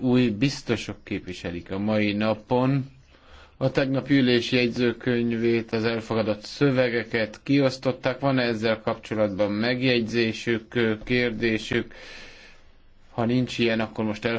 új biztosok képviselik a mai napon. A tegnapi ülés jegyzőkönyvét, az elfogadott szövegeket kiosztották. Van-e ezzel kapcsolatban megjegyzésük, kérdésük? Ha nincs ilyen, akkor most el